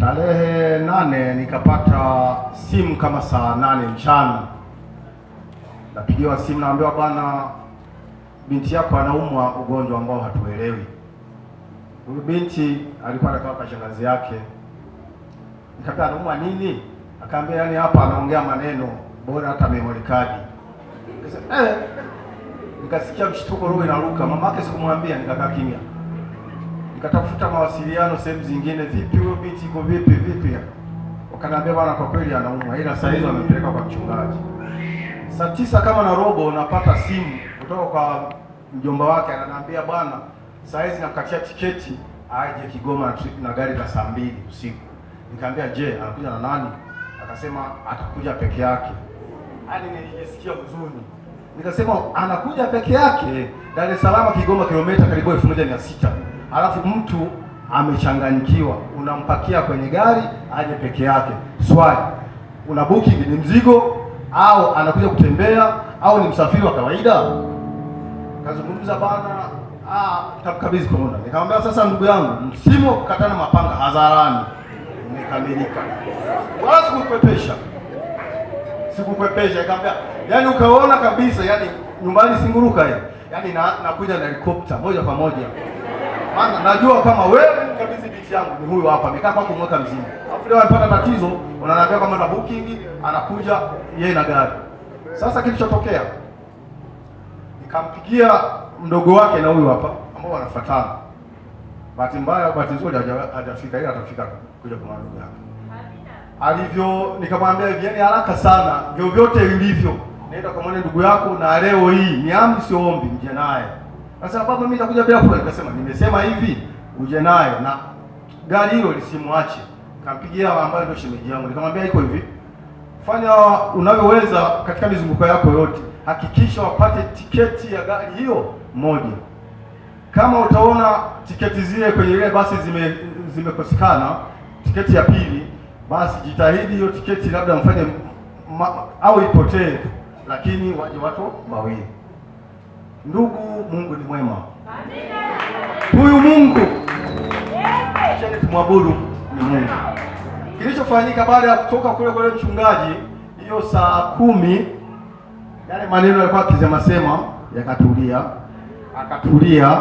Tarehe nane nikapata simu kama saa nane mchana, napigiwa simu, naambiwa bwana, binti yako anaumwa ugonjwa ambao hatuelewi. Huyu binti alikuwa anakaa kwa shangazi yake. Nikaambia anaumwa nini? Akaambia yaani, hapa anaongea maneno bora hata memory card. Nikasikia mshituko eh. nikasikia mshtuko, roho inaruka. Mamake sikumwambia, nikakaa kimya nikatafuta mawasiliano sehemu zingine, vipi huyo binti iko vipi vipi, wakaniambia bwana, kwa kweli anaumwa, ila saa hizo amepeleka kwa mchungaji. Saa tisa kama na robo napata simu kutoka kwa mjomba wake, ananiambia bwana, saa hizi nakatia tiketi aje Kigoma na trip na gari la saa mbili usiku. Nikamwambia je, anakuja na nani? Akasema atakuja peke yake. Hadi yaani nilijisikia huzuni, nikasema anakuja peke yake. Dar es Salaam Kigoma kilomita karibu 1600 alafu mtu amechanganyikiwa, unampakia kwenye gari aje peke yake. Swali, una booking ni mzigo au anakuja kutembea au ni msafiri wa kawaida? Kazungumza bana, ah, nitakukabidhi konda. Nikamwambia sasa, ndugu yangu, msimu wa kukatana mapanga hadharani umekamilika, wala sikukwepesha, sikukwepesha. Nikamwambia yani, ukaona kabisa, yani nyumbani singuruka ya. yani nakuja na helikopta moja kwa moja maana najua kama wewe mkabidhi binti yangu ni huyu hapa, amekaa kwako mwaka mzima, afu leo alipata tatizo, unaniambia kama na booking, anakuja yeye na gari. Sasa kilichotokea nikampigia mdogo wake na huyu hapa, ambao wanafuatana. Bahati mbaya, bahati nzuri hajafika, ila atafika kuja kwa ndugu yake. Alivyo nikamwambia hivi, yani haraka sana, vyovyote vilivyo, naenda kwa mwana ndugu yako, na leo hii ni amsi ombi mje naye Nasema baba, mimi nitakuja bila kula. Nikasema nimesema hivi uje nayo na gari hilo lisimwache. Kampigia ambaye ndio shemeji yangu, nikamwambia iko hivi, fanya unavyoweza katika mizunguko yako yote, hakikisha wapate tiketi ya gari hiyo moja. Kama utaona tiketi zile kwenye ile basi zime zimekosekana, tiketi ya pili, basi jitahidi hiyo tiketi labda mfanye ma, au ipotee, lakini waje watu wawili Ndugu, Mungu ni mwema. Huyu Mungu shani tumwabudu ni Mungu. Kilichofanyika baada ya kutoka kule kwa mchungaji, hiyo saa kumi, yale maneno yalikuwa akisemasema yakatulia, akatulia,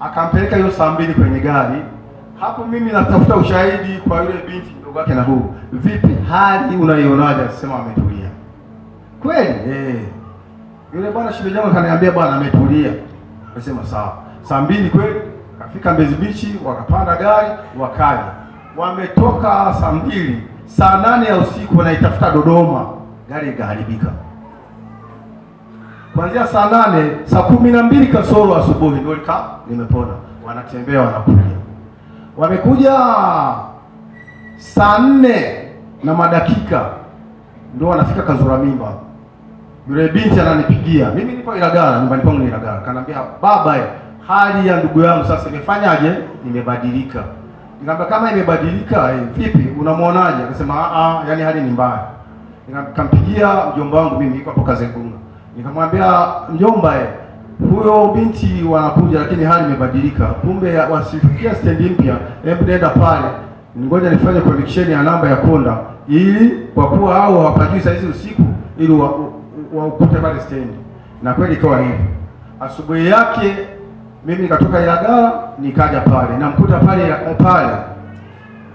akampeleka hiyo saa mbili kwenye gari. Hapo mimi natafuta ushahidi kwa yule binti mdogo wake na huu, vipi hali unaionaje? Sema ametulia kweli eh. Yule bwana shemeji yangu akaniambia bwana ametulia. Akasema sawa. Saa mbili kweli kafika Mbezi Beach, wakapanda gari wakaja. Wametoka saa mbili, saa nane ya usiku wanaitafuta Dodoma, gari ikaharibika. Kuanzia saa nane, saa kumi na mbili kasoro asubuhi ndio nika nimepona. Wanatembea wanakuja. Wamekuja saa nne na madakika ndio wanafika Kazura Mimba. Yule binti ananipigia. Mimi niko Ilagala, nyumbani kwangu ni Ilagala. Kaniambia, "Baba, eh, hali ya ndugu yangu sasa imefanyaje? Imebadilika." Nikamwambia, "Kama imebadilika, eh, vipi? Unamwonaje?" Akasema, "Ah, ah yani hali ni mbaya." Nikampigia mjomba wangu mimi niko hapo Kazengunga. Nikamwambia, "Mjomba, eh, huyo binti wanakuja lakini hali imebadilika. Kumbe wasifikia stendi mpya. Hebu nenda pale. Ngoja nifanye connection ya namba ya konda ili kwa kuwa hao hawapajui saa hizi usiku ili wa, wa Ukuta pale stendi, na kweli ikawa hivyo. Asubuhi yake mimi nikatoka Ilagala nikaja pale, namkuta pale eh, pale,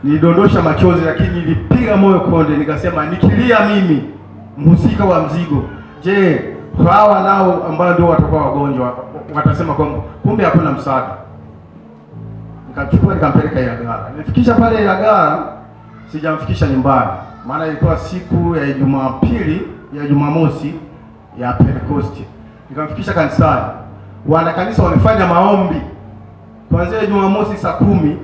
nilidondosha machozi, lakini nilipiga moyo konde, nikasema nikilia mimi mhusika wa mzigo, je, hawa nao ambao ndio watakuwa wagonjwa watasema kwamba kumbe hakuna msaada. Nikachukua nikampeleka Ilagala, nimefikisha pale Ilagala, sijamfikisha nyumbani, maana ilikuwa siku ya Jumapili ya Jumamosi ya Pentecost, nikamfikisha kanisani. Wanakanisa wamefanya maombi kuanzia Jumamosi saa kumi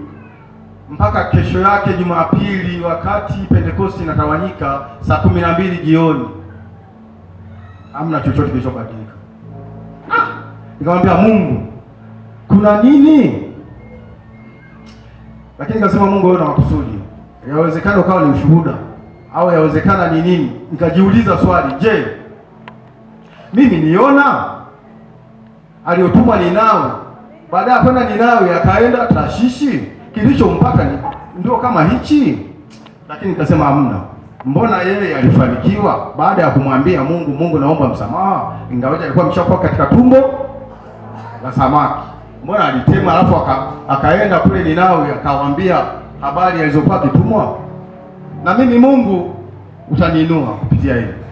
mpaka kesho yake Jumapili, wakati Pentecost inatawanyika saa kumi na mbili jioni. Hamna chochote kilichobadilika. Ah, nikamwambia Mungu, kuna nini? Lakini nikasema Mungu, wewe una makusudi. Yawezekana ukawa ni ushuhuda au yawezekana ni nini? Nikajiuliza swali, je, mimi niona aliyotumwa Ninawi, baada ya kwenda Ninawi akaenda Tashishi, kilichompata ndio kama hichi. Lakini nikasema hamna, mbona yeye alifanikiwa baada ya kumwambia Mungu, Mungu naomba msamaha, ingawaje alikuwa ameshakuwa katika tumbo la samaki, mbona alitema alafu aka, akaenda kule Ninawi akawaambia habari alizokuwa akitumwa. Na mimi Mungu utaniinua kupitia yeye.